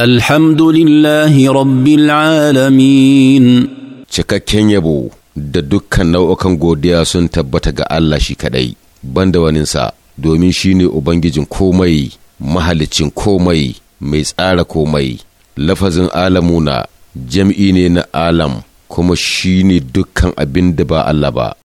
الحمد لله رب العالمين cikakken yabo da dukkan nau'ukan godiya sun tabbata ga Allah shi kadai banda waninsa domin shi ne ubangijin komai mahalicin komai mai tsara komai lafazin alamuna jam'i ne na alam kuma shi ne dukkan abin da ba Allah ba